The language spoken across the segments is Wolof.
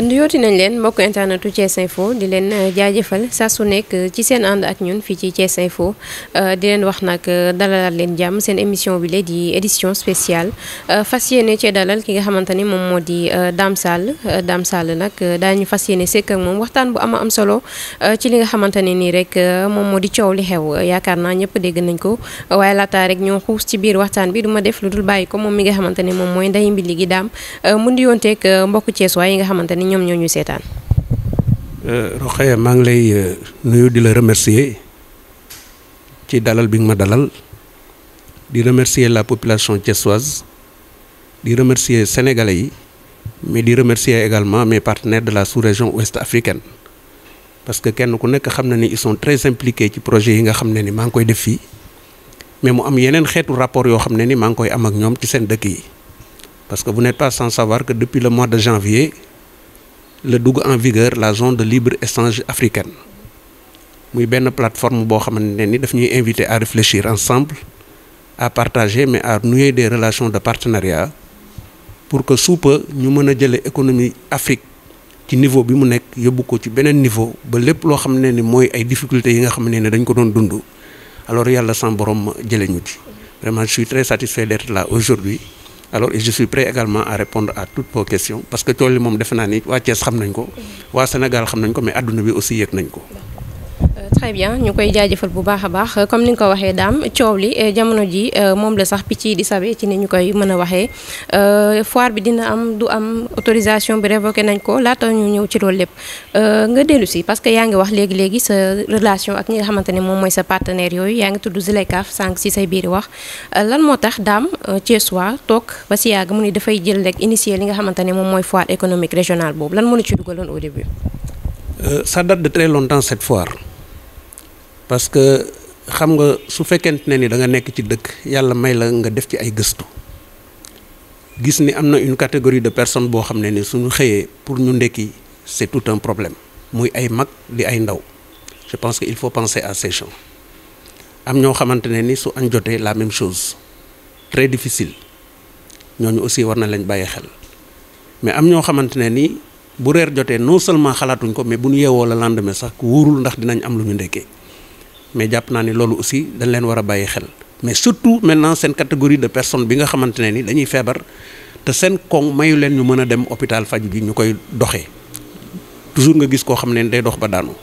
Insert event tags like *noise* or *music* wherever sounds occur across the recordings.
nuyooti nañ leen mbokk internetu Thiès fo di leen euh, jaajëfal saa su nekk euh, ci seen ànd ak ñun fii ci Thiès Info euh, di leen wax nag dalalaat leen jàmm seen émission bi la di édition spéciale fas yéene cee dalal ki nga xamante ni moom moo di Dame Sall Dame Sall nag daañu fas yéene moom waxtaan bu ama am solo ci li nga xamante ne nii rek moom moo di coow li xew yaakaar naa ñëpp dégg nañ ko waaye laataa rek ñoo xuus ci biir waxtaan bi du ma def lu dul bàyyi ko moom mi nga xamante ne moom mooy ndeyu mbili gi daam mu ndiyoonteeg mbokku Thiès waaye yi nga xamante ni ni ñoom ñoo ñuy seetaan. Euh, Rokhaya maa ngi lay euh, nuyu di la remercier ci dalal bi nga ma dalal di remercier la population thiessoise di remercier sénégalais yi mais di remercier également mes partenaires de la sous-région ouest africaine parce que kenn ku nekk xam na ni ils sont très impliqués ci projet yi nga xam ne ni maa ngi koy def fii mais mu am yeneen xeetu rapport yoo xam ne ni maa ngi koy am ak ñoom ci seen dëkk yi parce que vous n'êtes pas sans savoir que depuis le mois de janvier la dugg en vigueur la zone de libre échange africaine muy benn plateforme boo xamante ne ni daf ñuy invité à réfléchir ensemble à partager mais à nouer des relation de partenariat pour que suupa ñu mën a jëlee économie Afrique ci niveau bi mu nekk yóbbu ko ci beneen niveau ba lépp loo xam ne ni mooy ay difficultés yi nga xam ne ni dañ ko doon dund alors yàlla sans borom jëlee ñu ci vraiment je suis très satisfait d'être là aujourd'hui alors et je suis prêt également à répondre à toutes vos questions parce que tool yi moom defe naa ni waa Thiès xam nañ ko waa Sénégal xam nañ ko mais adduna bi aussi yëg nañ ko très bien koy jaajëfal bu baax a baax comme ni nga ko waxee daam coow li eh, ji eh, moom la sax picc yi di sabe ci ni ñu koy mën a waxee eh, foire bi dina am du am autorisation bi révoqué nañ ko laata ñu ñëw ci loolu lépp nga dellu si parce que yaa ngi wax léegi léegi sa relation ak ñi nga xamante ne moom mooy sa partenaire yooyu yaa ngi tudd Zuleykaaf sànq si say biir wax lan moo tax daam Thiessois toog ba si yàgg mu ni dafay jël rek initier li nga xamante ne moom mooy foire économique régionale boobu lan moo la ci dugaloon au début. ça de très parce que xam nga su fekkente ne ni da nga nekk ci dëkk yàlla may la nga def ci ay gëstu gis ni am na une catégorie de personne boo xam ne ni suñu xëyee pour ñu ndekki c'est tout un problème muy ay mag di ay ndaw je pense que il faut penser à ces am ñoo xamante ne ni su añ jotee la même chose très difficile ñooñu aussi war na lañ bàyyi xel mais am ñoo xamante ne nii bu reer jotee non seulement xalaatuñ ko mais bu ñu yeewoo la lendemain sax wóorul ndax dinañ am lu ñu ndekkee mais jàpp naa ne loolu aussi dañ leen war a bàyyi xel mais surtout maintenant seen catégorie de personnes bi nga xamante ne ni dañuy feebar te seen koŋ mayu leen ñu mën a dem hôpital faj ji ñu koy doxee toujours nga gis koo xam ne day dox ba daanu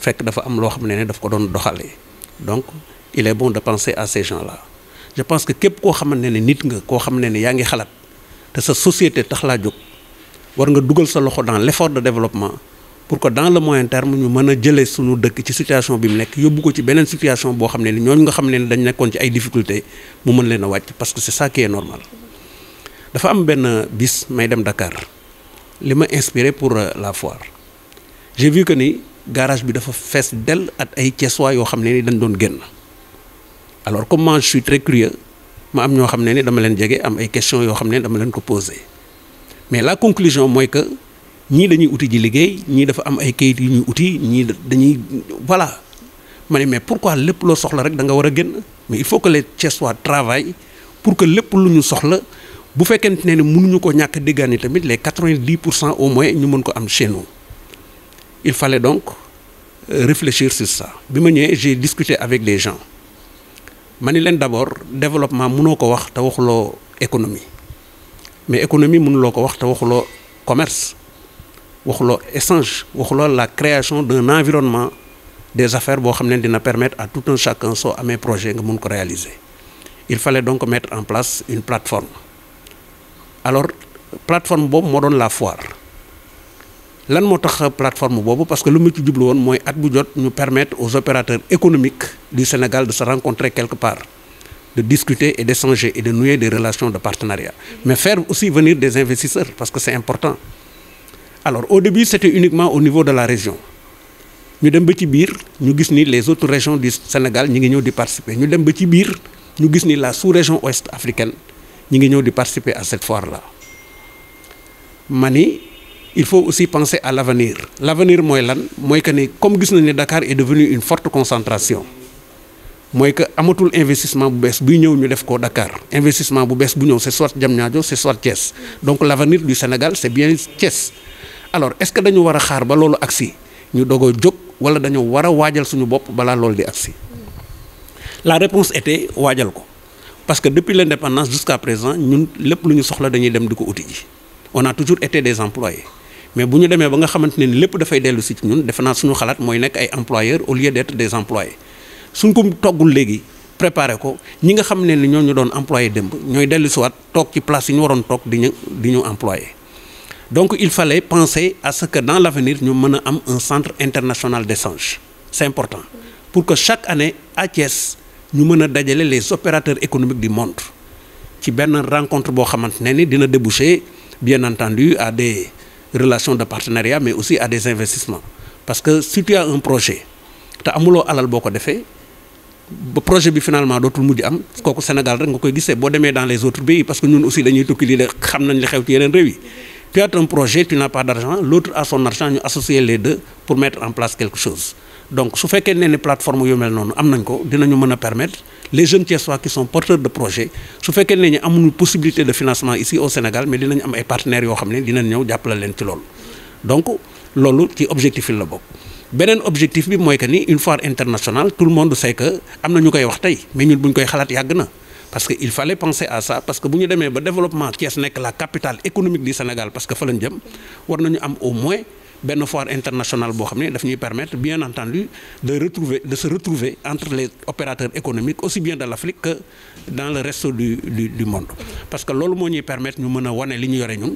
fekk dafa am loo xam ne ne daf ko doon doxalee donc il est bon de penser à ces gens-là je pense que képp koo xamante ne nit nga koo xam ne ne yaa ngi xalaat te sa société tax laa jóg war nga dugal sa loxo dans l'effort de développement pour que dans le moyen terme ñu mën a jëlee suñu dëkk ci situation bi mu nekk yóbbu ko ci beneen situation boo xam ne ni ñooñu nga xam ne ni dañ nekkoon ci ay difficultés mu mën leen a wàcc parce que c'est ça qui est normal dafa am benn bis may dem Dakar li ma inspiré pour euh, la foire je vu que ni garage bi dafa fees dell at ay Thiessois yoo xam ne ni dañ doon génn alors comme moi je suis ma am ñoo xam ne ni dama leen jege am ay question yoo xam ne dama leen ko posé mais la conclusion mooy que. ñii dañuy uti ji liggéey ñii dafa am ay kayit yu ñuy uti ñii dañuy voilà ma ne mais pourquoi lépp loo soxla rek da nga war a génn mais il faut que les Thiessois travaillent pour que lépp lu ñu soxla bu fekkente ne munuñu ko ñàkk déggaani tamit les quatre-vingt-dix pour cent au moins ñu mën ko am chez il fallait donc euh, réfléchir sur ça bi ma ñëwee j'ai discuté avec des gens ma ni leen d'abord développement munoo ko wax te waxuloo économie mais économie mënuloo ko wax te waxuloo commerce waxuloo échange waxuloo la création de environnement des affaires boo xam ne dina permettre à tout un chacun soo amee projet nga mun ko réaliser il fallait donc mettre en place une plateforme alors plateforme boobu moo doon la foire lan moo tax plateforme boobu parce que lu ma ci jublu woon mooy at bu jot ñu permettre aux opérateurs économiques du Sénégal de sa rencontrer quelque part de discuter et d'échanger et de nouer des relations de partenariat mais faire parce que c'est important alors au début c'était uniquement au niveau de la région ñu dem ba ci biir ñu gis ni les autres régions du Sénégal ñi ngi ñëw di participer ñu dem ba ci biir ñu gis ni la sous-région ouest africaine ñi ngi ñëw di participer à cette foire la ma ni il faut aussi penser à l'avenir l'avenir mooy lan mooy que ni comme gis nañ ne Dakar est devenu une forte concentration mooy que amatul investissement bu bees buy ñëw ñu def ko Dakar investissement bu bees bu ñëw c'est soit Diamniadio c'est soit Thiès donc l'avenir du Sénégal c'est bien Thiès alors est-ce que dañu war a xaar ba loolu agsi ñu doog a jóg wala dañu war a waajal suñu bopp balaa loolu di agsi la réponse été waajal ko parce que depuis l'indépendance jusqu'à présent ñun lépp lu ñu soxla dañuy dem di ko uti ji on a toujours été des employés mais bu ñu demee ba nga xamante ne lépp dafay dellu si ci ñun defe suñu xalaat mooy nekk ay employeurs au lieu d'être des employés suñ ko toggul léegi préparé ko ñi nga xam ne ni ñoo ñu doon employé démb ñooy dellu si toog ci place yi ñu waroon toog di ñu di ñu employé. donc il fallait penser à ce que dans l'avenir ñu mën a am un centre international de d'échange c'est important pour que chaque année à ñu mën a dajale les opérateurs économiques du monde ci benn rencontre boo xamante ne ni dina déboucher bien entendu à des relations de partenariat mais aussi à des investissements parce que si tu as un projet te amuloo alal boo ko defee ba projet bi finalement dootul mujj am kooku Sénégal rek nga koy gisee boo demee dans les autres pays parce que ñun dañuy tukki lii xam nañ li xew ci Tu as projet, tu n'as pas d'argent, l'autre a son argent, nous associer les deux pour mettre en place quelque chose. Donc, ce fait qu'il y a une plateforme qui nous permettre les jeunes Thiessois qui sont porteurs de projets, ce fait qu'il y a une possibilité de financement ici au Sénégal, mais nous avons des partenaires qui nous appellent Donc, c'est l'objectif. beneen objectif bi mooy que ni une foire internationale tout le monde sait que am na ñu koy wax tey mais ñun koy xalaat yàgg na parce que il fallait penser à ça parce que bu ñu demee ba développement Thiès nekk la capitale économique du Sénégal parce que fa lañ jëm war nañu am au moins benn foire international boo xam ne daf ñuy permettre bien entendu de retrouver retrouver entre les opérateurs économiques aussi bien de l'Afrique que dans le reste du du du monde parce que loolu moo ñuy permettre ñu mën a wane li ñu yore ñun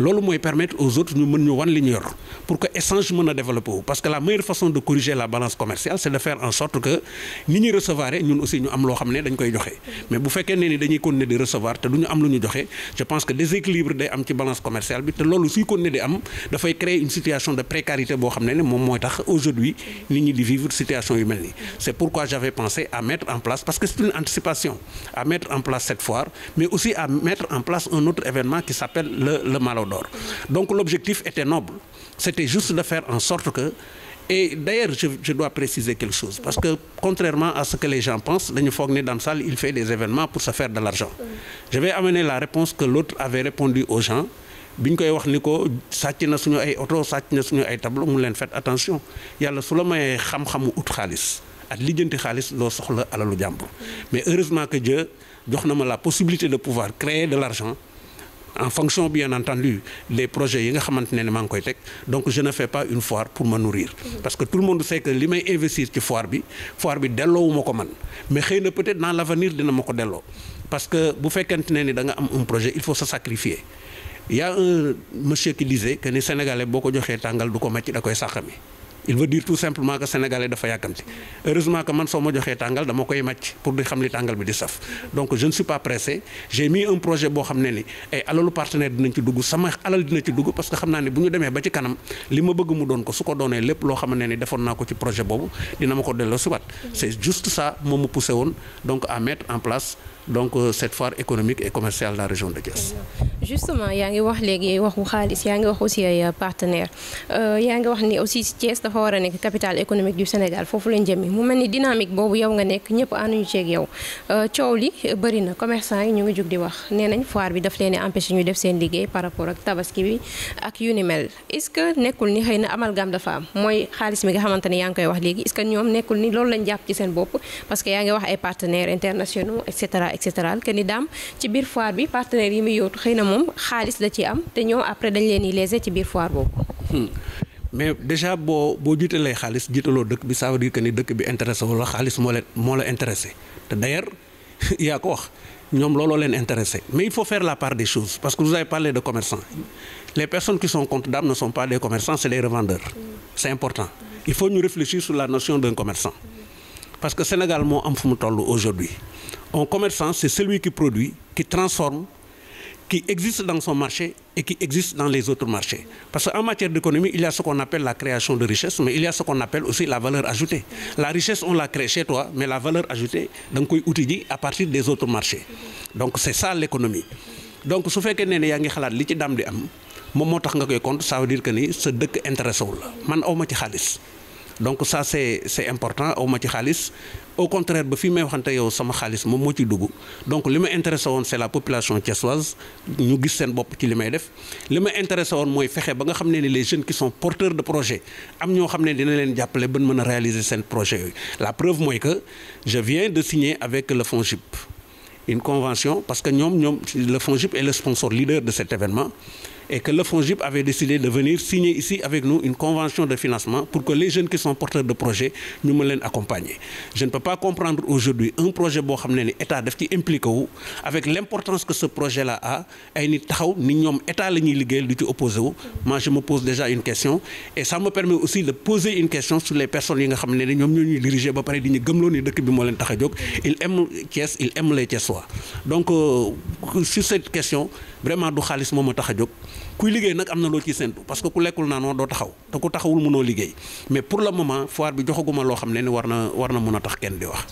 loolu mooy permettre aux autres ñu mën ñu wan li ñu yor pour que échange mën a développer parce que la meilleure façon de corriger la balance commerciale c'est de faire en sorte que ni ñuy recevoir ñun ñu am loo xam ne dañ koy joxe mais bu fekkee ne ni dañuy continuer di recevoir te du ñu am lu joxe je pense que déséquilibre day am ci balance commerciale bi te loolu suy continuer di am dafay créer une situation de précarité boo xam ne ne moom mooy d'or. Donc l'objectif était noble. C'était juste de faire en sorte que et d'ailleurs je, je dois préciser quelque chose parce que contrairement à ce que les gens pensent dañu foog ne dans salle il fait des événements pour se faire de l'argent je vais amener la réponse que l'autre avait répondu aux gens bi ñu koy wax ni ko sàcc na suñu ay oto sàcc na suñu ay tableau mu leen fait attention yàlla su la mayee xam-xamu ut xaalis ak lijjanti xaalis loo soxla alalu jàmbur mais heureusement que jox na la possibilité de pouvoir créer de l'argent en fonction bien entendu des projets yi nga xamante ne maa ngi koy teg donc je ne pas une foire pour me nourrir parce que tout le monde sait li may investir ci foire bi foire bi delloowuma ko man mais xëy na peut-être dans l'avenir dina ma ko delloo parce que bu fekkente ne ni da am un projet il faut se sacrifier il y a un monsieur qui que ni sénégalais boo ko joxee tàngal du ko màcc da koy sàqami il veut dire tout simplement que sénégalais dafa yàkkamti heureusement que man soo ma joxee tàngal dama koy màcc pour di xam li tàngal bi di saf donc je ne suis pas pressé j'ai mis un projet boo xam ne ni ay alalu partenaire dinañ ci dugg sama alal dina ci dugg parce que xam naa ne bu ñu demee ba ci kanam li ma bëgg mu doon ko su ko doonee lépp loo xam ne ni defoon naa ko ci projet boobu dina ma ko delloo subaat c'est juste ça moom mu poussé woon donc à mettre en place donc euh, cette foire économique et commerciale la région de Thiès. justement yaa ngi wax léegi waxu xaalis yaa ngi wax aussi ay partenaires euh, yaa ngi wax ni aussi Thiès dafa war a nekk capitale économique du Sénégal foofu lañ jëmee mu mel ni dynamique boobu yow nga nekk ñëpp ànduñu ceeg yow euh, coow li bëri na commerçant yi ñu ngi jug di wax nee nañ foire bi daf leen di empêcher ñu def seen liggéey par rapport ak tabaski bi ak yu ni mel est nekkul ni xëy na amalgame dafa am mooy xaalis mi nga xamante ne yaa ngi koy wax léegi est-ce que ñoom nekkul ni que yaa ngi wax ay partenaires et cetera que ni te ñoo après dañ leen di léser ci biir foire boobu. Hmm. mais déjà boo boo jiitalee xaalis jiitaloo dëkk bi ça veut dire que ni bi intéressé wala xaalis moo *laughs* ko wax ñoom looloo leen intéressé mais il faut faire la part des choses parce que vous avez parlé de commerçants les personnes qui sont contre ñu réfléchir sur la notion d'un commerçant parce que Sénégal moo am fu mu toll aujourd'hui Un commerçant, c'est celui qui produit, qui transforme, qui existe dans son marché et qui existe dans les autres marchés. Parce qu'en matière d'économie, il y a ce qu'on appelle la création de richesse, mais il y a ce qu'on appelle aussi la valeur ajoutée. La richesse, on la crée chez toi, mais la valeur ajoutée, donc, on à partir des autres marchés. Donc, c'est ça l'économie. Donc, ce fait que nous avons dit que nous avons dit que nous avons dit que nous avons dit que donc ça c'est c'est important aw ma ci xaalis au contraire ba fii may waxante yow sama xaalis moom moo ci dugg donc li ma intéressé woon c'est la population thiessoise ñu gis seen bopp ci li may def li ma intéressé woon mooy fexe ba nga xam ne ni les jeunes qui sont porteurs de projet am ñoo xam ne dina leen jàppale ba mën a réaliser seen projet yooyu la preuve mooy que je viens de signer avec le FONGIP une convention parce que ñoom ñoom le FONGIP est le sponsor leader de cet événement et que le FONGIP avait décidé de venir signer ici avec nous une convention de financement pour que les jeunes qui sont porteurs de projets ñu mën leen accompagner je ne peux pas comprendre aujourd'hui un projet boo xam ne ni état daf ci impliqué avec l'importance que ce projet là a ay nit taxaw ni ñoom état la ñuy liggéeyal ci opposé wu moi je me pose déjà une question et ça me permet aussi de poser une question sur les personnes yi nga xam ne ni ñoom ñoo ñuy diriger ba pare di ñu gëmloo ni dëkk bi moo leen tax a euh, tax a jóg kuy liggéey nag am na loo ciy séntu parce que ku lekkul naanoo doo taxaw te ku taxawul mënoo liggéey mais pour le moment foire bi joxaguma loo xam ne ni war na war na mën a tax kenn di wax.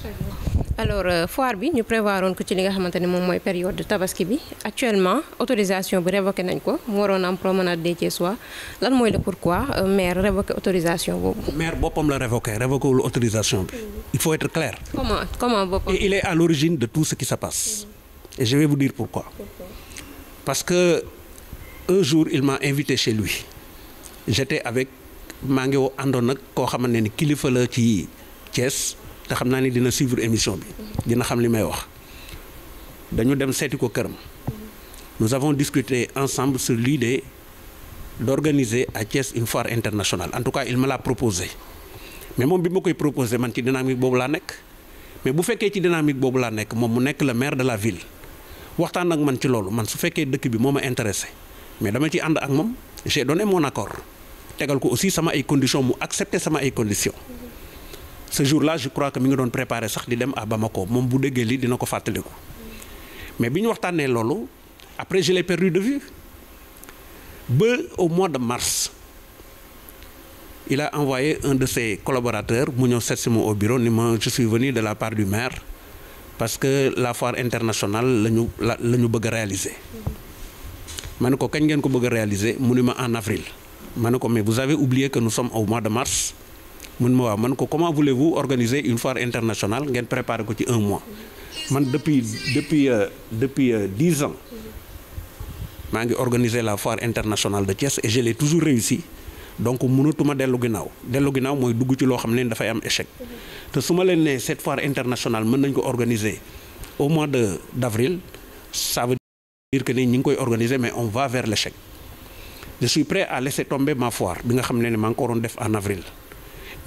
alors euh, foire bi ñu prévoir woon ko ci li nga xamante ne moom mooy période tabaski bi actuellement autorisation bi révoqué nañ ko mu waroon am promenade des Thiessois lan mooy le pourquoi euh, maire révoqué autorisation boobu. maire boppam la révoqué révoqué wul autorisation bi. il faut être clair. comment comment boppam. et il est à l'origine de tout ce qui se passe. et je vais vous dire pourquoi. parce un jour il invité chez lui avec maa ngi àndoon nag koo xamante ni kilifa la ci Thiès te xam naa ni dina suivre émission bi dina xam li may wax dañu dem seeti ko këram nous avons discuté ensemble sur l'idée d'organiser à Thiès une foire internationale en tout cas il me l'a proposé mais moom bi ma koy proposé man ci dynamique boobu laa nekk mais bu fekkee ci dynamique boobu laa nekk moom mu nekk le maire de la ville waxtaan ak man ci loolu man su fekkee dëkk bi moo ma mais dama ci ànd ak moom j'ai donné mon accord tegal ko aussi sama ay condition mu accepté sama ay conditions ce jour-là je crois que mi ngi doon préparé sax di dem à Bamako moom bu déggee lii dina ko fàttaliku mais bi ñu waxtaanee loolu après je l'ai perdu de vue ba au mois de mars il a envoyé un de ses collaborateur mu ñëw seet si ma au bureau ni ma je suis de la part du maire parce que la foire internationale la ñu la la ñu bëgg réaliser. ma ne ko kañ ngeen ko bëgg a réaliser mu ne ma en avril ma ne ko mais vous avez oublié que nous sommes au mois de mars mu ma waaw ma ko comment voulez-vous organiser une foire internationale ngeen préparer ko ci un mois man depuis depuis euh, depuis euh, dix ans maa ngi organiser la foire internationale de Thiès et toujours réussi donc mënatuma dellu ginnaaw dellu ginnaaw mooy dugg ci loo xam ne dafay am échec te su ma leen ne cette foire internationale mën nañ ko organiser au mois de dire que ni ñi ngi koy organiser mais on va vers l'échec je suis prêt à laisser tomber ma foire bi nga xam ne ni maa ngi ko def en avril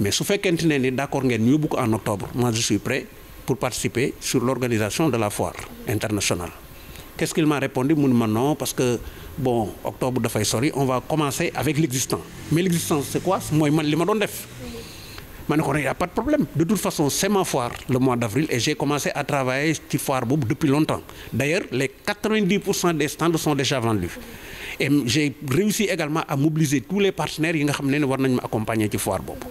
mais su fekkente ne ni d'accord ngeen yóbbu ko en octobre moi je prêt pour participer sur l'organisation de la foire internationale qu'est-ce qu'il m'a répondu mun ma non parce que bon octobre dafay sori on va commencer avec l'existant mais l'existant c'est mooy man li ma doon def ma ne ko nag y' a pas de problème de toute façon c'est ma foire le mois d'avril et j'ai commencé à travailler ci foire boobu depuis longtemps d'ailleurs les des stands sont déjà vendus et j'ai réussi également à mobiliser tous les partenaires yi nga xam ne ne war nañ ma accompagner ci foire boobu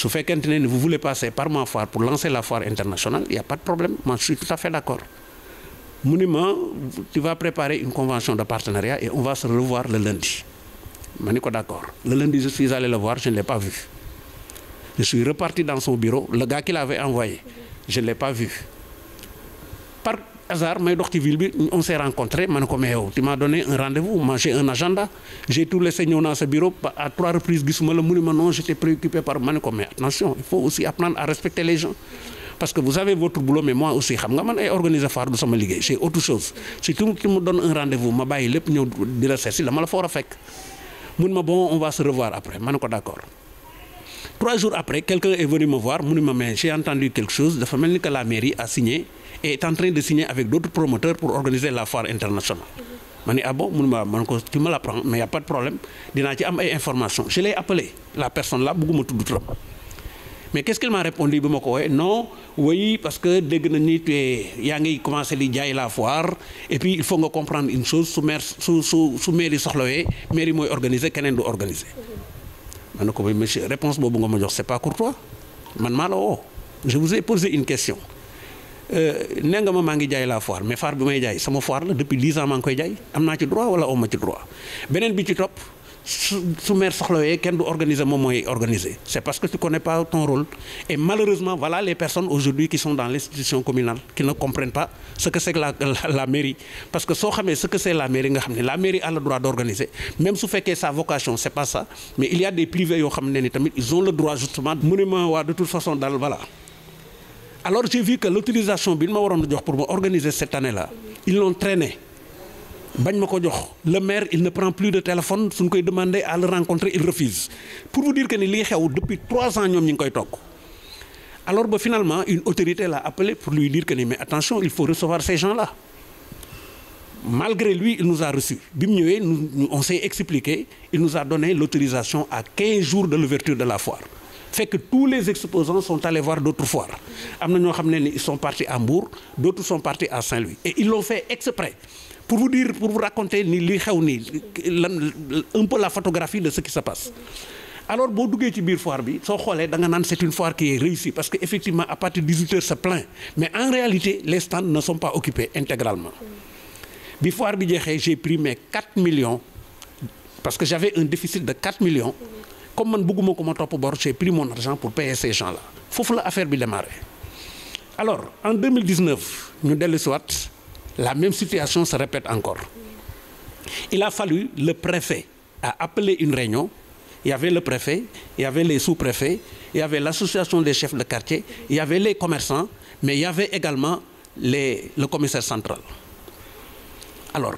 su fekkente ne vous voulez passer par ma foire pour lancer la foire internationale y' a pas de problème moi suis tout à fait d'accord mu ni ma tu convention de partenariat va se revoir le lundi ma ni ko d'accord le lundi je Je suis reparti dans son bureau. Le gars qui l'avait envoyé, je ne l'ai pas vu. Par hasard, on s'est rencontrés. tu m'as donné un rendez-vous. Moi, j'ai un agenda. J'ai tout laissé dans ce bureau. À préoccupé par Manoko. Mais attention, il faut aussi apprendre à respecter les gens. Parce que vous avez votre boulot, mais moi aussi, je organisé C'est autre chose. Si tout le monde me donne un rendez-vous, je vais aller le faire. ma vais le faire. Je vais le faire. Je vais le faire. Je vais le faire. Je trois jours après quelqu'un est venu me voir mu ne ma mais entendu quelque chose dafa mel ni que la mairie a signé et est en train de signer avec d'autres promoteurs pour organiser la foire internationale ma ne ah bon mu ne ma man ko tu me l'apprends mais y a pas de problème dinaa ci am ay information je l'ai la personne là bëgguma tudd turam mais qu'est-ce qu'elle m'a répondu bi ma ko wooyee non oui parce que dégg na ni yaa ngi commencé di jaay la foir et puis il une chose su maire su su su mairie soxlawee mairie mooy organiser keneen du organiser ma ne ko mais monsieur réponse boobu nga ma jox c'est pas courtois man maa la woo je vous ai posé une question euh, nee nga ma maa ngi jaay la foire mais foire bi may jaay sama foire la depuis dix ans maa ngi koy jaay am naa ci droit wala aw ma ci droit beneen bi ci topp. su su soxlawee kenn du organiser moom mooy organiser c'est parce que tu connais pas ton rôle et malheureusement voilà les personnes aujourd'hui qui sont dans l'institution communale qui ne comprennent pas ce que c'est la, mairie parce que soo xamee ce que c'est la mairie nga xam ne la mairie a le droit d'organiser même su fekkee sa vocation c'est pas ça mais il y a des privés yoo xam ne ni tamit ils ont le droit justement mu waa de toute bi waroon jox pour ma organiser cette année là bañ ma ko jox le maire il ne prend plus de téléphone suñ koy demander à le rencontrer il refuse pour vous dire que ni li xew depuis trois ans ñoom ñu koy toog alors ba finalement une autorité l'a appelé pour lui dire que ni mais attention il faut recevoir ces gens-là malgré lui il nous a reçus bi mu ñëwee nous on s'est expliqué il nous a donné l'autorisation à 15 jours de l'ouverture de la foire fekk tous les exposants sont allés voir d'autres foires am na ñoo xam ne ni ils sont partis à Mbour d'autres sont à Saint-Louis et ils pour vous dire pour vous raconter ni li xew nii lan un la photographie de ce qui se passe alors boo duggee ci biir foire bi soo xoolee da naan c'est une foire qui est réussie parce que effectivement à partir de 18 plein mais en réalité les stands ne sont pas occupés intégralement bi foire bi jeexee j'ai pris mais 4 millions parce que j'avais un déficit de 4 millions comme man bëgguma ko ma topp bor j'ai pris mon argent pour payer ces gens-là foofu la affaire bi démarré alors en 2019 ñu dellu la même situation se répète encore. Il a fallu le préfet a appelé une réunion. Il y le préfet, il y avait les sous-préfets, il l'association des chefs de quartier, il y avait les commerçants, mais il également les, le commissaire centrale Alors,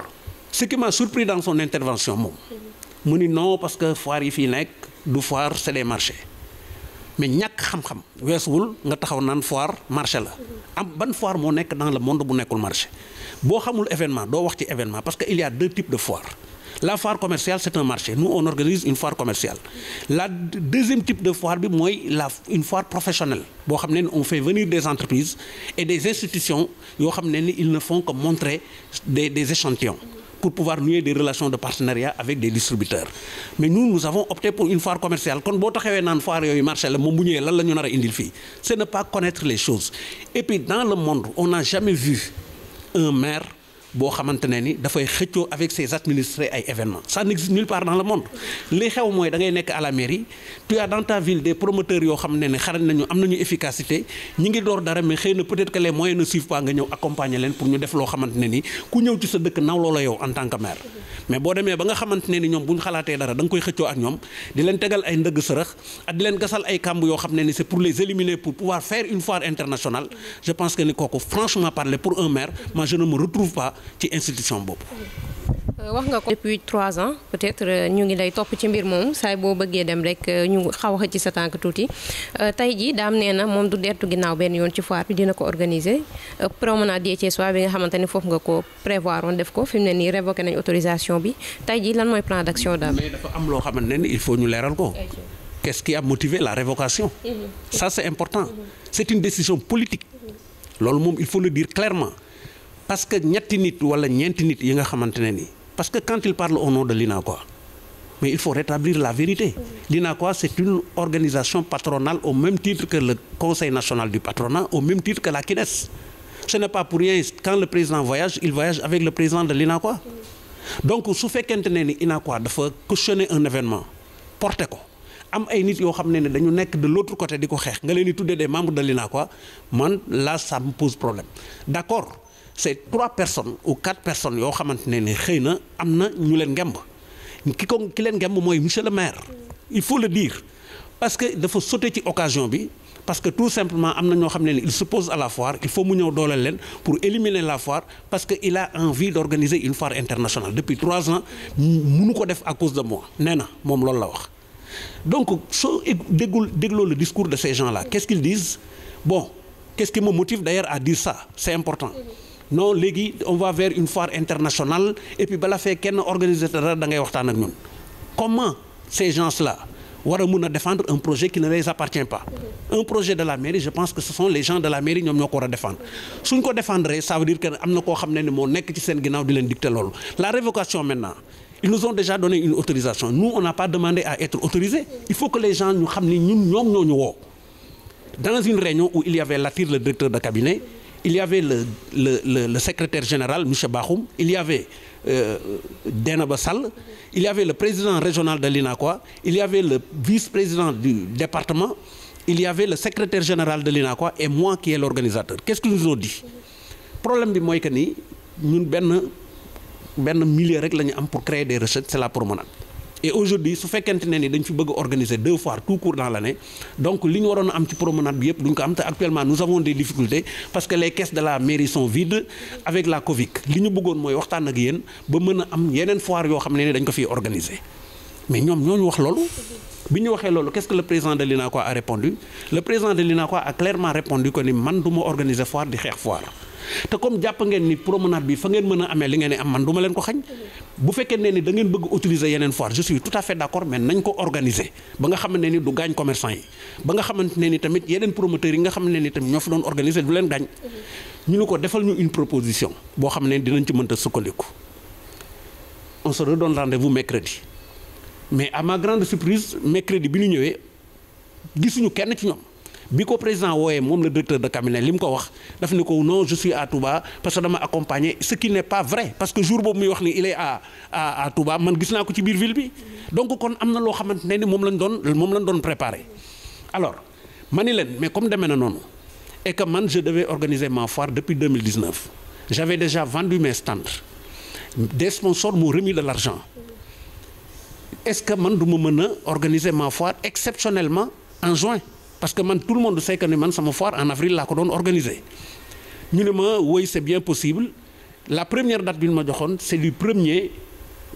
ce qui m'a surpris dans son intervention moom mu ni non parce que foire yi fii nekk du foir c'est des marché mais ñàkk xam-xam weesuwul nga taxaw naan foir marché la am ban foire moo nekk dans le monde bu nekkul marché boo xamul événement doo wax ci événement parce que il y a deux types de foires la foire commerciale c'est un marché nous on organise une foire commerciale la deuxième type de foire bi mooy la une foire professionnelle boo xam ne on fait venir des entreprises et des institutions yoo xam ne ni ils ne font que montrer des des échantillons pour pouvoir nouer des relations de partenariat avec des distributeurs mais nous nous avons opté pour une foire commerciale kon boo taxawee naan foire yooyu marché la moom la ñu nar a indil fii c'est ne pas connaître un maire boo xamante ne ni dafay xëccoo avec ses administrés ay événements ça n'existe nulle part dans le monde li xew mooy da nekk à la mairie tu as yoo xam ne ne xarañ nañu am nañu efficacité ñi ngi door dara mais xëy na peut-être que les moyens ne suivent pas nga ñëw accompagner leen pour ñu def loo xamante ne ni ku ñëw ci sa dëkk naw loola yow en tant que maire mais boo demee ba nga xamante ne ni ñoom bu ñu xalaatee dara da nga koy xëccoo ak ñoom di leen leen gasal ay yoo xam ne ni c'est pour les éliminer pour ci institution boobu. Euh, wax nga ko depuis trois ans peut-être euh, ñu ngi lay topp ci mbir moomu saay boo bëggee dem rek euh, ñu xaw a ci sa tànk tuuti tey jii daam nee na moom du dertu ginnaaw benn yoon ci foire bi dina ko organiser promenade des Thiessois bi nga xamante ni foofu nga ko prévoir woon def ko fi mu ne nii révoqué nañ autorisation bi tey ji lan mooy plan d'action daal. mais dafa am loo xamante ne il faut ñu leeral ko. qu'est-ce qui a motivé la révocation. Mhm. ça c'est important. c'est une loolu moom il faut parce que ñetti nit wala ñeenti nit yi nga xamante ne ni parce que quand il parle au nom de l'INACOA mais il faut rétablir la vérité l'INACOA c'est une organisation patronale au même titre que le Conseil national du patronat au même titre que la CNES ce n'est pas pour rien quand le président voyage il voyage avec le président de l'INACOA donc su fekkente ne ni INACOA dafa cautionner un événement porté ko am ay nit yoo xam ne ne dañu nekk de l'autre côté di xeex nga leen di tuddee des membres de l'INACOA man là ça me problème d'accord c'est trois personnes ou quatre personnes yoo xamante ne ne xëy na am na ñu leen ngemb ki ko ki leen ngemb mooy monsieur le maire il faut le dire parce que dafa sauté ci occasion bi parce que tout simplement am na ñoo xam ne ne il se à la foire il faut mu ñëw dooleel leen pour éliminer la foire parce que il a envie d'organiser une foire internationale depuis trois ans mënu ko def à cause de moi nee na moom loolu la wax donc soo déggul dégloo le discours de ces gens-là qu'est-ce qu'ils disent bon qu'est-ce qui me à dire ça c'est important non léegi on va vers une foire internationale et puis bala fee kenn organiser dara da ngay waxtaan ak ñun comment ces gens la war a mun a défendre un projet qui ne les appartient pas un projet de la mairie je pense que ce sont les gens de la mairie ñoom ñoo ko war a défendre suñ ko défendre ça dire que am na koo xam ne ni moo nekk ci seen ginnaaw di leen dicter loolu la révocation maintenant ils nous ont déjà donné une autorisation nous on n'a pas demandé à être autorisés il faut que les ñu xam ni ñu woo dans une réunion où il le directeur de cabinet il y avait le le le, le secrétaire général monsieur Bakhoum il y avait euh, Denaba Sall il y avait le président régional de l'INACOA il y avait le vice-président du département il y avait le secrétaire général de l'INACOA et moi qui est l'organisateur qu'est-ce qu'ils nous ont problème bi mooy que nii ñun benn benn milieu rek la ñu am pour créer des recettes c'est la promenade et aujourd'hui su fekkente ne ni dañ fi bëgg organiser deux fois tout court dans l'année donc li ñu waroon a am ci promenade bi yëpp duñ ko am te actuellement nous avons des difficultés parce que les caisses de la mairie sont vides avec la Covid li ñu bëggoon mooy waxtaan ak yéen ba mën a am yeneen foire yoo xam ne ni dañ ko fi organiser mais ñoom ñoo ñu wax loolu. bi ñu waxee loolu qu'est-ce que le président de a répondu le président de l'INACOA a clairement répondu que xeex foire. te comme jàpp ngeen ni promenade bi fa ngeen mën a amee li ngeen am man du ma leen ko xañ bu fekkee ne ni da ngeen bëgg utiliser yeneen foire je tout à fait d'accord mais nañ ko organiser ba nga xamante ne ni du yi ba nga xamante ne ni tamit yeneen promoteurs yi nga xam ne ni tamit ñoo fi doon organiser du leen gaañ ñu ni ko defal ñu une proposition boo xam ne dinañ ci mënta sukkandiku on se doon rendez-vous mercredi mais à ma grande surprise crédit bi ñu ñëwee gisuñu kenn ci ñoom bi ko président wooyee moom le directeur de cabinet li mu ko wax daf ne ko non je suis à parce que dama accompagner ce qui n'est pas vrai parce que jour boobu muy wax ni il est à man gis naa ko ci biir ville bi donc kon am na loo xamante ne ni moom lañ doon moom lañ doon préparé alors ma ni leen mais comme demee na noonu et que man je devais organiser ma foire depuis 2019 j'avais déjà vendu mes stands des sponsors m'ont remis de l'argent est-ce que man du ma mën a organiser ma foire exceptionnellement en juin parce que man tout le monde sait que ni man sama foire en avril laa ko doon organiser ñu ne ma woy c'est bien possible la première date bi ñu ma joxoon c'est du premier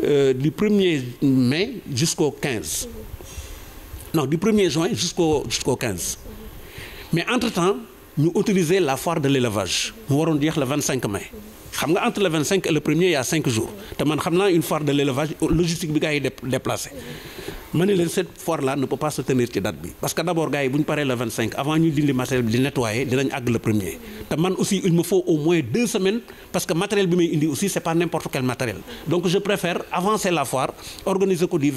euh, du premier mai jusqu'au quinze non du premier juin jusqu'au jusqu'au 15 mais entre temps ñu autoriser la foir de l'élevage mu waroon jeex le 25 mai xam nga entre le 25 et le premier y' a 5 jours te man xam naa une foire de l' élevage logistique bi gars yi déplacé ma ne leen cette foire là ne peut pas se tenir ci date bi parce que d' abord yi bu ñu paree le 25 avant ñu dindi matériel bi di nettoyer dinañ àgg le premier te man aussi il me faut au moins deux semaines parce que matériel bi may indi aussi c' pas n' importe matériel donc je préfère avancer la foire organiser ko du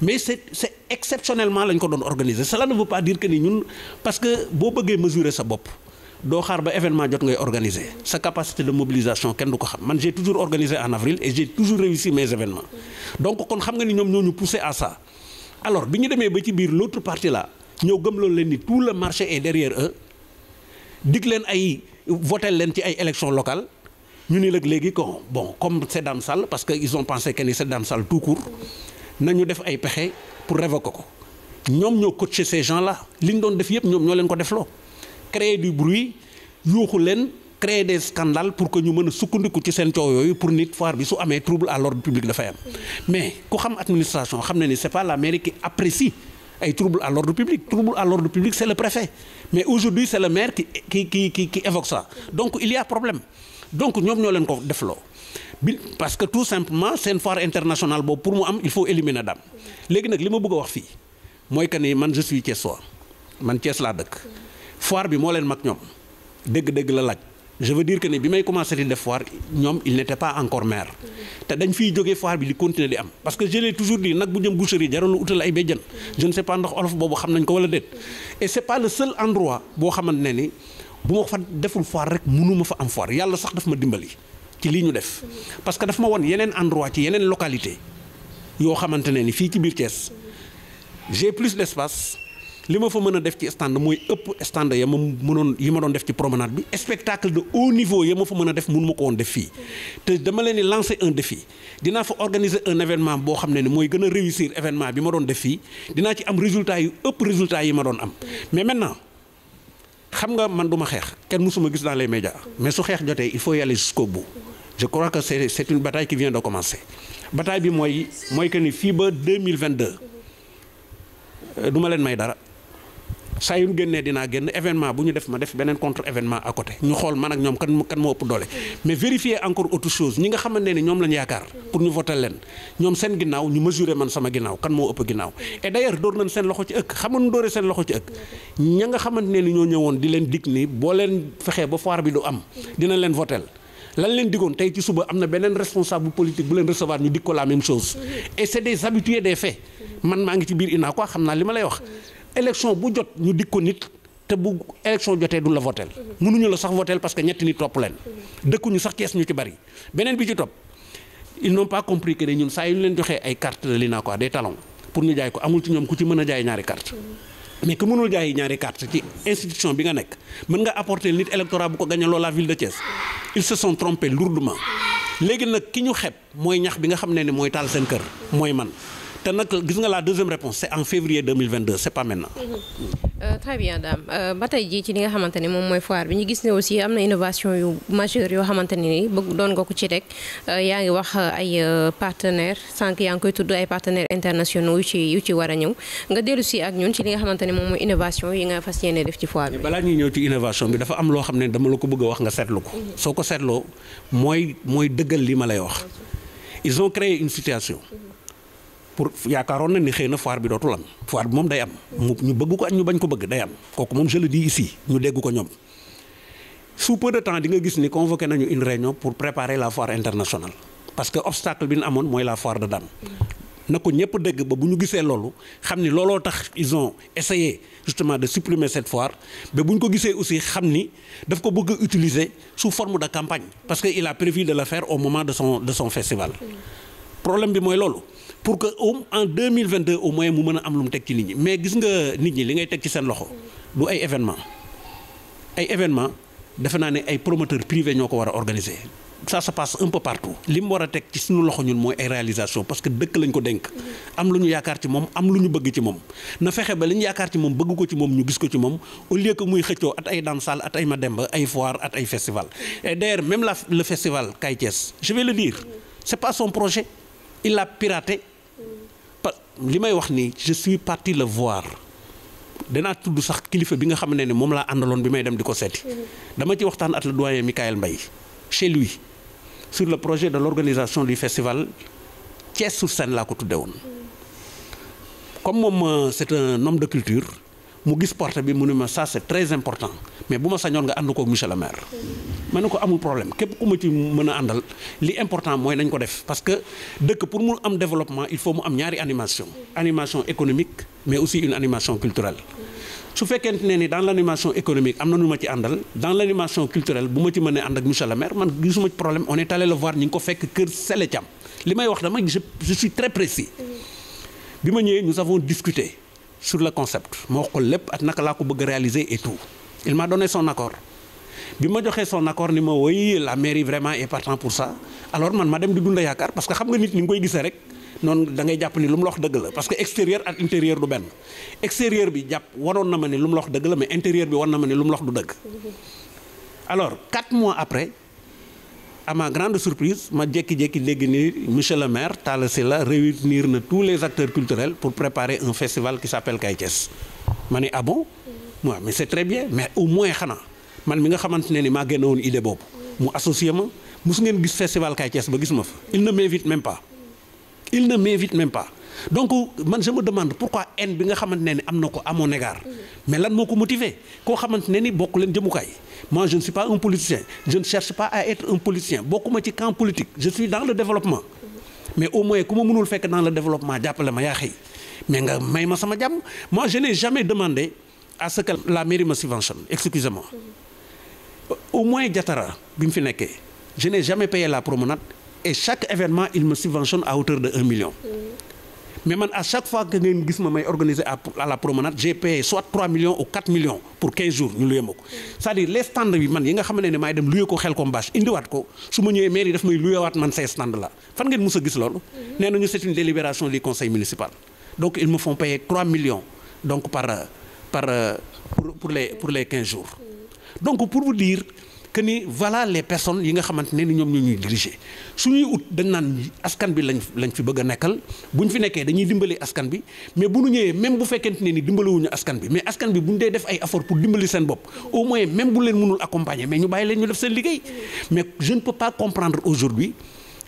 mais c' est exceptionnellement lañ ko doon organiser cela ne veut pas dire que ni ñun parce que boo bëggee mesurer sa bopp doo xaar ba événement jot ngay organiser sa capacité de mobilisation kenn du ko xam man j'ai toujours organisé en avril et j'ai toujours réussi mes événements donc kon xam nga ni ñoom ñoo ñu poussé à ça alors bi ñu demee ba ci biir l' parti partie ñëw gëm loolu leen ni tout le marché est derrière eux dig leen ay voté leen ci ay élections ñu ni nag léegi ko bon comme c'est Dame parce que ils ont que ni c'est Dame Sall tout court nañu def ay pexe pour révoquer ko ñoom ñoo coaché ces gens là li ñu doon def yëpp ñoom ñoo leen ko def loo créer du bruit yuuxu leen créer des scandales pour que ñu mën a sukkandiku ci seen coow yooyu pour nit foire bi su amee trouble à l'ordre public dafay am mais ku xam administration xam na ni c'est pas la mairie qui apprécie ay trouble à l'ordre public trouble à l'ordre public c'est le préfet mais aujourd'hui c'est le maire qui ki ki qui évoque ça donc il y a donc ñoom ñoo leen ko defloo bi parce que tout simplement seen foir international boobu pour mu am il faut éliminer dam léegi nag li ma bëgg a wax fii mooy que ni man je suis Thiessois man Thiès laa dëkk foire bi moo leen mag ñoom dégg dégg la laaj je veux dire bi may commencé di def foire ñoom il n'était pas encore maire te dañ fiy jóge foire bi di continuer di am parce que je toujours di nag bu jëm boucherie jaroon na utal ay béjjën je ne sais pas ndax olof boobu xam nañ ko wala déet et c'est pas le boo xamante ne ni bu ma deful foire rek mënu fa am foire yàlla sax daf ma dimbali. ci lii ñu def parce que daf ma won yeneen endroit ci yeneen localité yoo xamante ne ni fii ci biir Thiès j'ai plus d'espace li ma fa mën a def ci stand mooy ëpp stand ya ma mënoon yi ma doon def ci promenade bi spectacle de niveau ya fa mën a def mun ma ko woon def fii te dama leen di lancer un défi dinaa fa organiser un événement boo xam ne ni mooy gën a réussir événement bi ma doon def fii dinaa ci am résultat yu ëpp résultat yi ma doon am mais maintenant xam nga man du ma xeex kenn mësuma gis dans les médias mais su xeex jotee il faut y aller jusqu'au je crois que c'est c'est une bataille qui vient de commencer bataille bi mooy mooy que ni fii ba 2022 euh, du ma leen may dara saa yu ñu génnee dinaa génn événement bu ñu def ma def beneen contre événement à côté ñu xool man ak ñoom kan kan moo ëpp doole mais vérifier encore autre chose ñi nga xamante ne ñoom lañ yaakaar leen ñoom seen ginnaaw ñu mesurer man sama ginnaaw kan moo ëpp ginnaaw et d'ailleurs door nañ seen loxo ci ëkk xam nga nu dooree seen loxo ci ña nga xamante ne ni ñoo ñëwoon di leen dig ni boo leen fexee ba foire bi du am dina leen voter lan leen diggoon tey ci suba am na beneen responsable politique bu leen recevoir ñu dig ko la même chose et c' est des habitués man maa ngi ci biir ina quoi xam naa li ma lay wax élection bu jot ñu dig ko nit te bu élection jotee du la votel mënuñu la sax votel parce que ñetti nit topp leen dëkkuñu sax kees ñu ci bari beneen bi ci topp ils n'ont pas compris que ne ñun saa yu ñu leen joxee ay carte de l'INACOI des talons pour ñu jaay ko amul ci ñoom ku ci mën a jaay ñaari carte mais ku mënul jaay ñaari carte ci institution bi nga nekk mën nga apporter nit électorat bu ko gagné loolu la ville de Thiès ils se sont trompés lourdement léegi nag ki ñu xeeb mooy ñax bi nga xam ne ni mooy taal seen kër mooy man te nag gis nga la deuxième réponse c'est en février 2022 c'est pas maintenant. Mhm. Euh, très bien Dame euh, ba tey jii ci li nga xamante ni moom mooy foire bi ñu gis ne aussi am na innovation yu majeure yoo ni bëgg doon nga ko ci rek euh, yaa ngi wax ay partenaires sànq yaa ngi koy tudd ay partenaires internationaux yu yu ci war a ñëw nga dellusi si ak ñun ci li nga xamante ne moom mooy innovation yi nga fas yéene def ci foire bi. balaa ñuy ñëw ci innovation bi dafa am loo xam ne dama la ko bëgg wax nga seetlu ko. Mhm. soo ko seetloo mooy mooy dëggal lii ma lay wax. ils ont créé une situation. Mhm. pour yaakaaroon na ni xëy na foire bi dootul am foire bi moom day am mu ñu bëgg ko ak ñu bañ ko bëgg day am kooku moom je le dis ñu dégg ko ñoom sous peu de temps di nga gis ni convoqué nañu une réunion pour préparer la foire internationale parce que obstacle bi ñu amoon mooy la foire de Dame na ko ñëpp dégg ba bu ñu gisee loolu xam ni looloo tax ils ont essayé justement de supprimer cette foire mais bu ñu ko gisee aussi xam ni daf ko bëgg utiliser sous forme de campagne parce que il a prévu de le faire au son de son problème bi mooy loolu pour que au en deux mille vingt deux au moins mu mën a am lu mu teg ci nit ñi mais gis nga nit ñi li ngay teg ci seen loxo du ay événement ay événement defe naa ne ay promoteur privé ñoo ko war a organiser sa se passe un peu partout li mu war a teg ci suñu loxo ñun mooy ay réalisation parce que dëkk lañ ko dénk am lu ñu yaakaar ci moom am lu ñu bëgg ci moom na fexe ba li ñu yaakaar ci moom bëgg ko ci moom ñu gis ko ci moom au lieu que muy xëccoo at ay dansal at ay mademba ay foire at ay festival et d'ailleurs la le festival Kay Thiès je le dire c'est son projet il l'a piraté li may wax nii je suis parti le voir danaa tudd sax kilifa bi nga xam ne ne moom laa àndaloon bi may dem di ko seeti dama ci waxtaan ak le doyen Michael mbay chez lui sur le projet de l'organisation du festival Thiès sur scène laa ko tudde woon comme moom euh, c'est un homme de culture mu gis porte bi mu ne ma ça c'est très important mais bu ma sañoon nga ànd koog monsieur le maire. ma ne ko amul problème képp ku ma ci mën a àndal li important mooy nañ ko def parce que dëkk pour mu am développement il faut mu am ñaari animation animation économique mais aussi une animation culturelle. su fekkente ne ni dans l' animation économique am na nu ma ci àndal dans l' animation culturelle bu ma ci mënee ànd ak monsieur le maire man gisuma ci problème on est allé ko fekk kër Sele Thiam li wax dama je suis très précis bi ma ñëwee nous avons discuté. sur le concept ma wax ko lépp ak naka laa ko bëgg a réaliser et tout il m'a donné son accord bi ma joxee son accord ni ma woy la mairie vraiment est partant pour ça alors man ma dem di dunda yaakaar parce que xam nga nit ni nga koy gisee rek noonu da ngay jàpp ni lu mu la dëgg la parce que extérieur ak intérieur du benn extérieur bi jàpp waroon na ma ne lu mu la wax dëgg la mais intérieur bi war na ma ne lu mu la du dëgg alors quatre mois après à ma grande surprise ma jékki-jékki dégg ni monsieur le maire Talla Sylla réunir na tous les acteurs culturels pour préparer un festival qui s'appelle Kaay Thiès ma ne ah bon waaw mais c'est très bien mais au moins xanaa man mi nga xamante ne ni maa génne woon idée boobu mu associé ma musu ngeen gis festival Kaay Thiès ba gis ma fa il ne m'invite même pas il ne m'invite même pas donc man sama demande pourquoi haine bi nga xamante ne ni am na ko amoon mon égard mais lan moo ko motiver koo xamante ne ni bokk leen jëmukaay moi je ne suis pas un politicien je ne cherche pas à être un politicien bokkuma ci camp politique je suis dans le développement mais au mois ku ma mënul fekk dans la développement jàppale ma yaa xëy mais nga may ma sama jàmm mois je n'ai jamais demandé à ce que la mairie ma subvention excusez-moi au mois Diatara bi mu fi nekkee je n'ai jamais payé la promenade et chaque événement il me subvention à hauteur de un million mais man à chaque fois que ngeen gis ma may organiser à la promenade j'ai soit 3 millions ou 4 millions pour 15 jours ñu luyee ma ko cest les stands bi man yi nga xamante ne maay dem luyee ko xel ko mbâche indiwaat ko su ma ñëwee maire yi daf may luyewaat man say stand la fan ngeen mës a gis loolu mhm. nee nañu c'est une délibération du conseil municipal donc ils me font payer 3 millions donc par par pour les pour les 15 jours mhm. donc pour vous que ni voilà les personnes yi nga xamante ne ni ñoom ñoo ñuy diriger suñuy ut dañ naan askan bi lañ lañ fi bëgg a nekkal bu ñu fi nekkee dañuy dimbali askan bi mais bu ñu ñëwee même bu fekkente ne ni dimbaliwuñu askan bi mais askan bi bu ñu dee def ay effort pour dimbali seen bopp au moins même bu leen mënul accompagner mais ñu bàyyi leen ñu def seen liggéey mais je ne peux pas comprendre aujourd'hui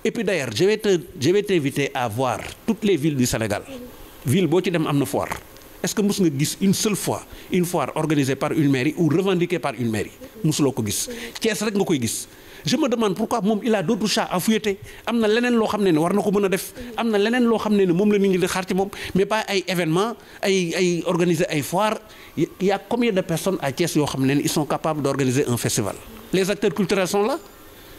et puis d'ailleurs je vais à voir toutes les villes du Sénégal ville boo ci dem am na foire est-ce que mës nga gis une seule fois une foire organisée par une mairie ou revendiquée par une mairie mësuloo ko gis Thiès rek nga koy gis je me demande pourquoi moom il a d'autres chats à am na leneen loo xam ne ne war na ko mën a def am na leneen loo xam ne ne moom la nit ñi di xaar ci moom mais pas ay événement ay ay organiser ay foire il y a combien de personnes yoo xam ne ne ils sont capables d'organiser un festival les acteurs culturels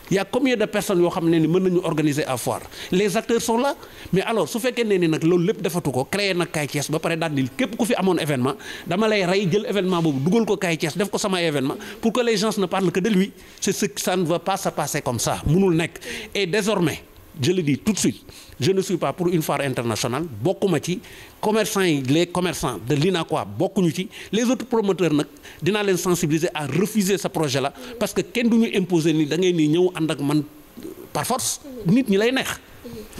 y a combien de personnes yoo xam ne ni mën nañu organiser à foire les acteurs sont là mais alors su fekkee ne ni nag loolu lépp defatu ko créer nag Kaay Thiès ba pare daal di képp ku fi amoon événement dama lay rey jël événement boobu dugal ko Kaay Thiès def ko sama événement pour que les gens ne parlent que de lui c'est ce ça ne va pas se comme ça mënul nekk et désormais je le dis tout de suite je ne suis pas pour une foire internationale bokkuma ci commerçants yi les commerçants de l'UNACOIS bokkuñu ci les autres promoteurs nag dinaa leen sensibiliser à refuser ce projet là parce que kenn du ñu imposer ni da ngay ni ñëw ànd ak man euh, par force nit ñi lay neex.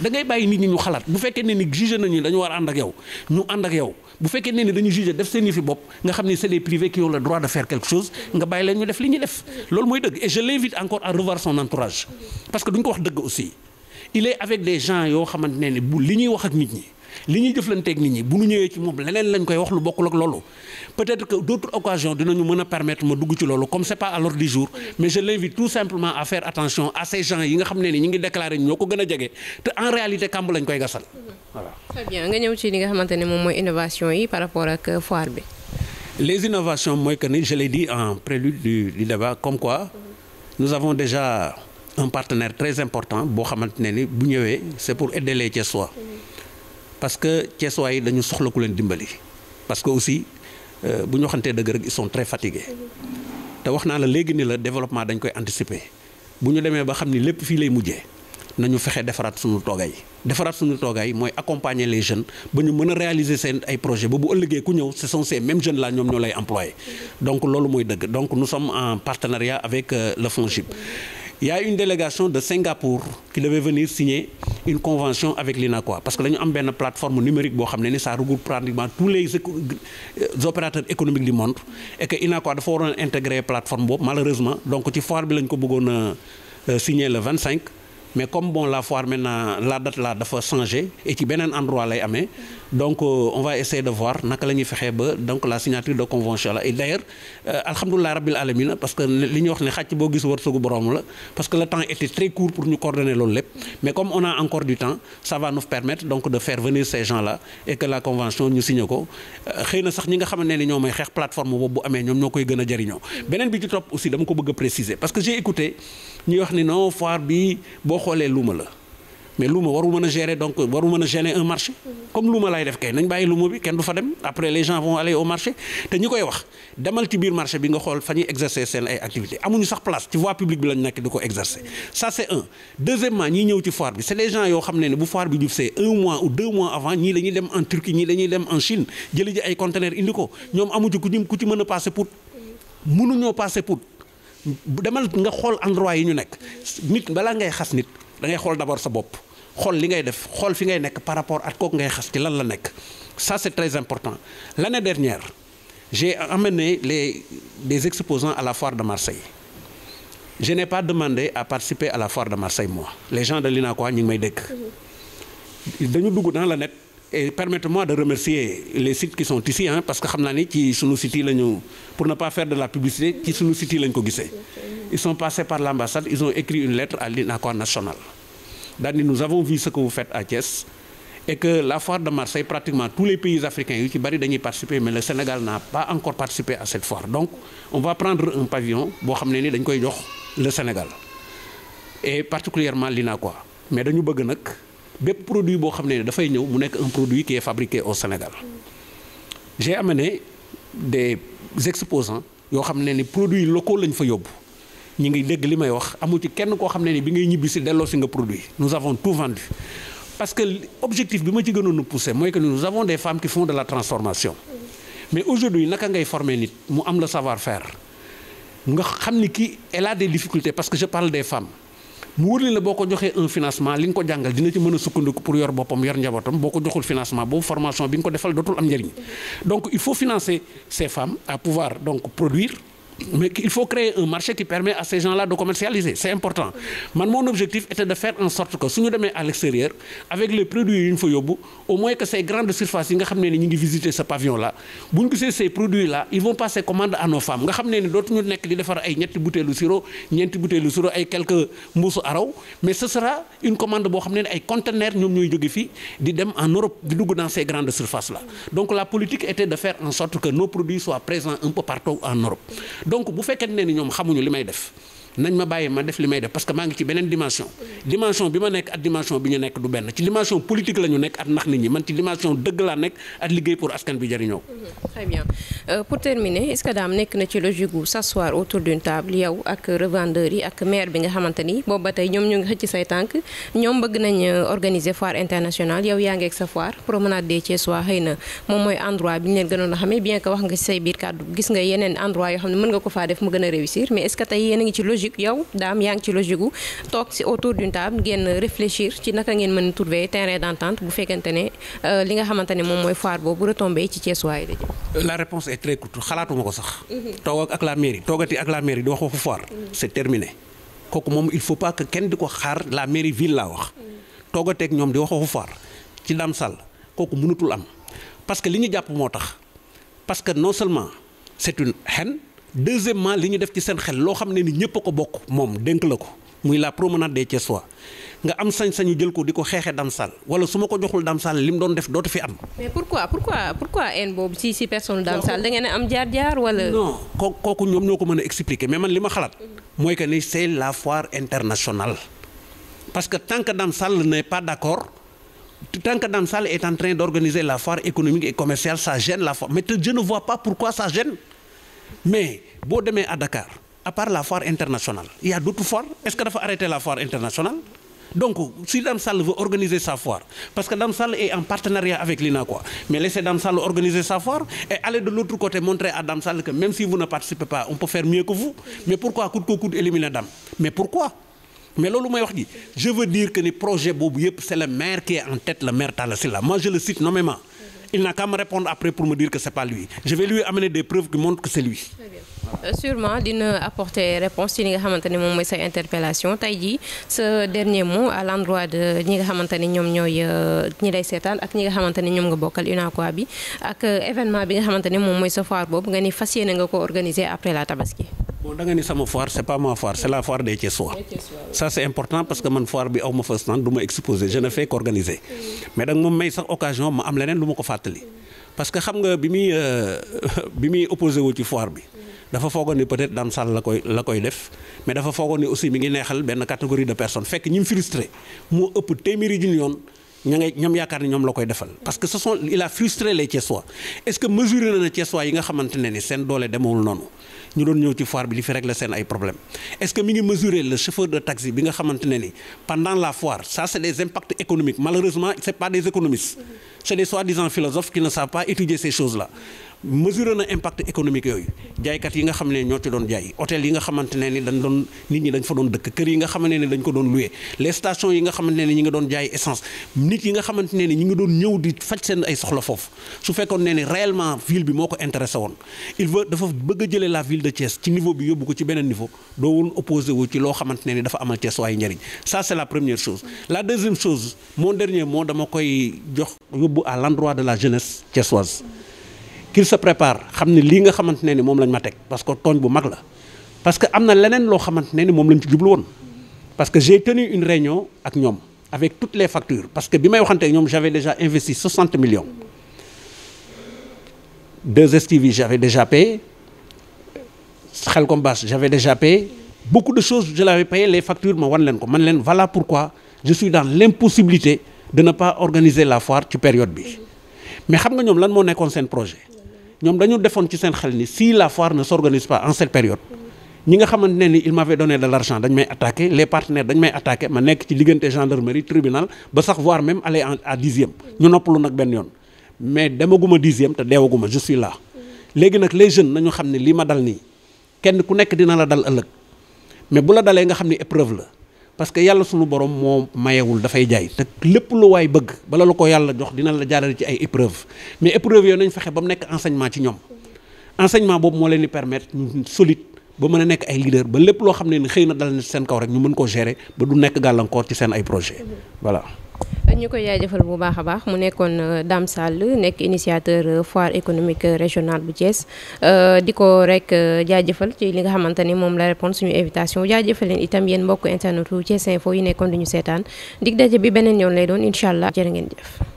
da bàyyi nit ñi ñu xalaat bu fekkee ne ni nañu dañu war a ànd ak yow ñu ànd ak yow bu fekkee ne ni dañu jugé def seen i fi bopp nga xam ni c'est les privés qui ont le droit de def li ñuy def loolu mooy dëgg et je l'invite encore que duñ ko wax aussi. il est avec des gens yoo xamante ne ni bu li ñuy wax ak nit ñi li ñuy jëflanteeg nit ñi bu ñu ñëwee ci moom leneen lañ koy wax lu bokk ak loolu peut-être que d'autres occasions dinañu mën a permettre ma dugg ci loolu comme c'est pas à l'ordre jour mais je l'invite tout simplement à faire attention à ces gens yi nga xam ne ni ñu ngi déclarer ñoo ko gën a jege te en réalité kàmb lañ koy gasal nga ñëw ci li nga xamante ne moom mooy innovation yi par rapport ak mooy que ni je l'ai dit en prélude un partenaire très important boo xamante ne ni bu ñëwee c'est pour aider les Thiessois parce que Thiessois yi dañu soxla ku leen dimbali parce que aussi euh, bu ñu waxantee dëgg rek ils sont très fatigués te wax naa la léegi ni la développement dañ koy anticiper bu ñu demee ba xam ni lépp fii lay mujjee nañu fexe defaraat suñu toogaay defaraat suñu toogaay mooy accompagner les jeunes ba ñu mën a réaliser seen ay projet ba bu ëllëgee ku ñëw ce sont ces jeunes là ñoom ñoo lay employé loolu mooy dëgg donc nous sommes en partenariat avec euh, le FONGIP il y a une délégation de Singapour qui devait venir signer une convention avec l'INACOA parce que dañu am benn plateforme numérique boo xam ne ni ça regroupe pratiquement tous les euh, opérateurs économiques du monde et que l'INACOA dafa waroon intégrer plateforme boobu malheureusement donc ci foire bi lañ ko bëggoon a la euh, le 25. mais comme bon la foire maintenant la date là dafa changé et beneen endroit lay amee donc euh, on va essayer de voir naka la ñuy ba donc la signature de convention la et d' ailleurs euh, rabbil alamina parce que li ñuy wax ne xàcc boo gis wërsëgu borom la parce que le temps était très court pour ñu coordonner loolu lépp mais comme on a encore du temps ça va nous donc de faire venir ces gens là et convention ñu signé ko euh, ko bëgg xoolee luuma la mais luuma waru mën a gérer donc waru mën a gérer un marché comme luuma lay def kay nañ bàyyi luuma bi kenn du fa dem après les gens vont aller au marché te ñi koy wax demal ci biir marché bi nga xool fa ñuy exercer seen ay activités amuñu sax place ci voie publique bi lañ nekk di ko exercer ça c' un deuxièmement ñi ñëw ci foire bi c' est les gens yoo xam ne ne bu foire bi jub see un mois ou mois avant ñii la dem en Turquie ñii dem en Chine jëli ji ay conteneurs indi ko ñoom amu demal nga xool endroit yi ñu nekk nit balaa ngay xas nit da ngay xool d'abord sa bopp xool li ngay def xool fi ngay nekk par rapport ak kooku ngay xas ci lan la nekk ça c'est très important l'année dernière j'ai amené les des exposants à la foire de Marseille je n'ai pas demandé à participer à la foire de Marseille moi les gens de l'INACOA ñu ngi may dégg dañu dugg dans la net et permettez-moi de remercier les sites qui sont ici parce que xam naa ni ci sunu site yi pour ne pas faire de la publicité ci sunu site yi ko gisee ils sont passés par l'ambassade ils ont écrit une lettre à l'INACOI national daal nous avons vu ce que vous à Thiès et que la foire de Marseille pratiquement tous les pays africains yu ci bari dañuy participer mais le Sénégal n'a pas encore participé à cette foire donc on va prendre un pavillon boo xam ne ni dañ koy jox le Sénégal et particulièrement bépp produit boo xam ne dafay ñëw mu nekk un produit qui est fabriqué au Sénégal j'ai amené des exposants yoo xam ne ni produits locaux lañ fa yóbbu ñu ngi dégg li may wax amu ci kenn koo xam ne ni bi ngay ñibbi si delloo si nga produit nous avons tout vendu parce que objectif bi ma ci gënoon a poussé mooy que nous avons des femmes qui font de la transformation mais aujourd'hui naka ngay former nit mu am la savoir-faire nga xam ni kii elle a des difficultés parce des femmes mu wóor leen la boo ko joxee un financement li nga ko jàngal dina ci mën a sukkandiku pour yor boppam yor njabootam boo ko joxul financement boobu formation bi nga ko defal dootul am njëriñ donc il faut financer ces femmes à pouvoir donc produire mais il faut créer un marché qui permet à ces gens-là de commercialiser c'est important man mon objectif était de faire en sorte que su ñu demee à avec les produits yu ñu fa yóbbu au moins que ces grandes surfaces yi nga xam ne ni ñu ngi visiter ce pavillon là bu ñu gisee ces produits là ils vont passer commande à nos femmes nga xam ne ni dootuñu nekk di defar ay ñetti butéelu sirop ñeenti butéelu sirop ay quelques mbuusu araw mais ce sera une commande boo xam ne ni ay conteneurs ñoom ñooy jóge fii di dem en Europe di dugg dans ces grandes surfaces là donc la politique était donc bu fekkee ne ñoom xamuñu li may def nañ ma bàyyi ma def li may def parce que maa ngi ci beneen dimension dimension bi ma nekk ak dimension bi ñu nekk du benn ci dimension politique la nekk at nax nit ñi man ci dimension dëgg laa nekk at liggéey pour askan bi jëriñoo. Mhm. Euh, pour terminer est daam nekk na ci logique gu s'asseoir autour d'une table yow ak revendeurs yi ak maire bi nga xamante ni boobu ba tey ñoom ñu ngi xëcc say tànk ñoom bëgg nañ euh, organiser foire internationale yow yaa ngi ak sa foire logique yow daam yaa ngi ci logique gu toog si autour d'une table ngeen réfléchir ci naka ngeen mën trouver euh, euh, la réponse est très courte xalaatuma ko sax mhm. toog ak la mairie toogati ak la mairie di wax waxu foire mhm. c'est terminé kooku moom il faut pas kenn di ko xaar la mairie ville laa wax mhm. toogateeg ñoom di wax waxu foire ci Dame Sall kooku mënatul am parce que li ñu jàpp moo tax parce non seulement c'est une deuxièmement li ñu def ci seen xel loo xam ne ni ñëpp a ko bokk moom dénk la ko muy la promenade des Thiessois nga am sañ-sañu jël ko di ko xeexee damsal wala su ma ko joxul damsal li mu doon def dootu fi am. mais pourquoi pourquoi pourquoi haine boobu ci ci personne damsal jaar wala. non ko kooku ñoom ñoo ko mën a expliquer mais man li ma xalaat. Mhm. mooy que ni c'est la foire internationale. parce que tant que Dame Sall n'est pas d'accord tant que Dame Sall est en train d'organiser la foire économique et commerciale ça gêne la foire mais je ne vois mais boo demee à Dakar à part la foire internationale il y a est-ce que dafa arrêter la foire internationale donc si Dame Sall veut organiser sa foire parce que Dame Sall est en partenariat avec l'INACOA mais laissez Dame Sall organiser sa foire et aller de l'autre côté montrer à Dame Sall que même si vous ne participez pas on peut faire mieux que mais pourquoi coûte que éliminer Dame mais pourquoi mais loolu mooy wax ji je veux dire que ni projet boobu yëpp c'est le maire qui est en tête le maire Talla il n'a qu'à me répondre après pour me dire que c'est pas lui je vais lui amener des preuves qui montrent que c'est lui Euh, sûrement dina apporter réponse ci li nga xamante moom mooy sa interpellation tey jii sa dernier mot à l'endroit de ñi nga xamante ne ñoom ñooy euh, ñi lay seetaan ak ñi nga xamante ne ñoom nga bokkal UNACOIS bi ak euh, événement bi nga xamante ne moom mooy sa foire boobu nga ni fas yéene nga ko organiser après la tabaski. bon da nga ni sama foire c'est pas ma foire c'est la foire des Thiessois ça c'est important parce que man foire bi aw ma fa stand du ma nga bi muy *laughs* bi muy opposé wu ci foire bi. dafa foogoon ni peut-être la koy def mais dafa foogoon ni aussi mi ngi neexal benn catégorie de personnes fekk ñi mu frustré moo ëpp téeméeri junni yoon ña yaakaar ni ñoom la koy defal parce que ce sont il a frustré ne ni seen doole demewul noonu ñu ñëw ci foire bi li problème est-ce que mi ngi mesuré le chauffeur de taxi bi nga xamante ne ni pendant la foire ça c'est des impacts économiques malheureusement c'est pas des économistes c'est des soi-disant philosophes qui ne savent pas étudier ces choses-là mesure na impact économique yooyu jaaykat yi nga xam ne ñoo ci doon jaay hôtel yi nga xamante ne ni dañ doon nit ñi dañ fa doon dëkk kër yi nga xamante ne dañ ko doon loué les stations yi nga xamante ne ñi nga doon jaay essence nit yi nga xamante ne ni ñi nga doon ñëw di faj seen ay soxla foofu su fekkoon ne ni réellement ville bi moo ko intéressé woon il veut dafa bëgg a jëlee la ville de Thiès ci niveau bi yóbbu ko ci beneen niveau doo woon opposé ne ni dafa amal Thiès waaye njëriñ ça la première chose la deuxième chose dama koy jox yóbbu à de la jeunesse thiessoise qu'il sa prépare xam ne lii nga xamante ne ni moom lañ ma teg parce que tooñ bu mag la parce que am na leneen loo xamante ne ni moom lañ ci jublu woon parce que j'ai tenu une réunion ak ñoom avec toutes les factures parce que bi may waxante ak ñoom j'avais déjà investi 60 millions 2STV j'avais déjà payé Khelcom Bass j'avais déjà payé beaucoup de choses je l'avais payé les factures ma wan leen ko man leen voilà pourquoi je suis dans l'impossibilité de ne pas organiser la foire ci période bi mais xam nga ñoom lan moo nekkoon seen projet ñoom dañu defoon ci seen xel ni si la foire ne s'organise pas en cette période ñi nga xamante ne ni il m'avait donné de l'argent dañ may attaqué les partenaires dañ may attaqué ma nekk ci diggante gendarmerie tribunal ba sax voire même aller à dixième ñu noppalu nag benn yoon mais demaguma dixième te deewaguma je suis léegi nag les jeunes nañu xam ne li ma dal nii kenn ku nekk dina la dal ëllëg mais bu la dalee nga xam ne épreuve la parce que yàlla sunu borom moo mayewul dafay jaay te lépp lu waay bëgg bala la ko yàlla jox dina la jaarale ci ay épreuve mais épreuve yooyu nañ fexe ba mu nekk enseignement ci ñoom enseignement boobu moo leen di permettre ñu solide ba mën a nekk ay leader ba lépp loo xam ne ni xëy na dal na seen kaw rek ñu mën koo gérer ba du nekk gàllankoor ci seen ay projet voilà ñu koy jaajëfal bu baax a baax mu nekkoon euh, Dame Sall nekk initiateur euh, foire économique euh, régional bu Thiès di ko rek jaajëfal ci li nga xamante ni moom la répondre suñu invitation jaajëfal leen itam yéen mbokk internet yu Thiès Info yi nekkoon di ñu seetaan dig daje bi beneen yoon lay doon incha allah jërë ngeen jëf.